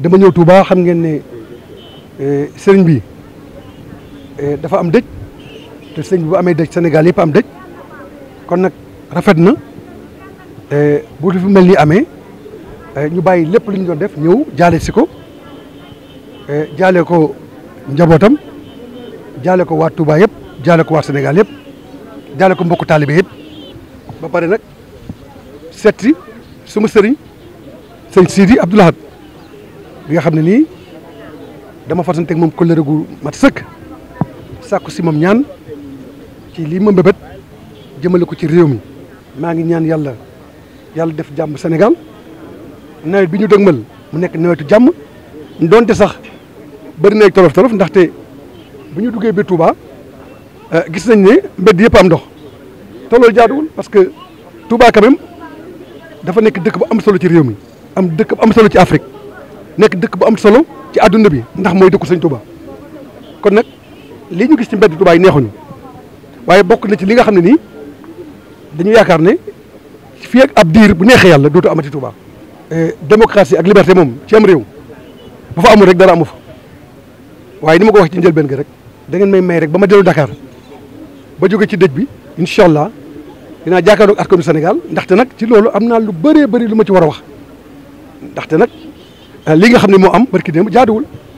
dama ñëw Touba xam ngeen ne eh, sëriñ bi eh, dafa am dëj te sëriñ bi bu amee dëj Sénégal yëpp am dëj kon nag rafet na eh, bu fi mel ni amee ñu bàyyi lépp lu ñu doon def ñëw jaale si ko jaale ko njabootam jaale ko waa Touba yëpp jaale ko waa Sénégal yëpp jaale ko mbokku taalibe yëpp ba pare nag setti suma sëriñ sëñ Sidi Abdoul bi nga xam ne nii dama fasante ak moom kóllëre gu mat sëkk sàkku si moom ñaan ci lii ma mbébét jëmale ko ci réew mi maa ngi ñaan yàlla yàlla def jàmm Sénégal nawet bi ñu dëgmal mu nekk nawetu jàmm doonte sax bëri na ay tolof ndaxte bu ñu duggee ba eh, gis nañ ne mbedd yëpp am ndox te loolu parce que Touba quand dafa nekk dëkk bu am solo ci réew mi am dëkk bu am solo ci Afrique. nekk dëkk bu am solo ci àdduna bi ndax mooy dëkku sëñ tubaa kon nag li ñu gis ci mbedd Touba yi neexuñu waaye bokk na ci li nga xam ne nii dañu yaakaar ne fii ak ab diir bu neexee yàlla dootu tubaa Touba. Eh, démocratie ak liberté moom ci am réew bu fa amul rek dara amu fa waaye ni ma ko wax ci njëlbeen gi rek da ngeen may may rek ba ma dellu dakaar ba jóge ci dëj bi incha allah dinaa jàkkaarloog askanu Sénégal ndaxte nag ci loolu am naa lu bëree bëri lu ma ci war a wax ndaxte nag. li nga xam ne moo am barki démb jaaduwul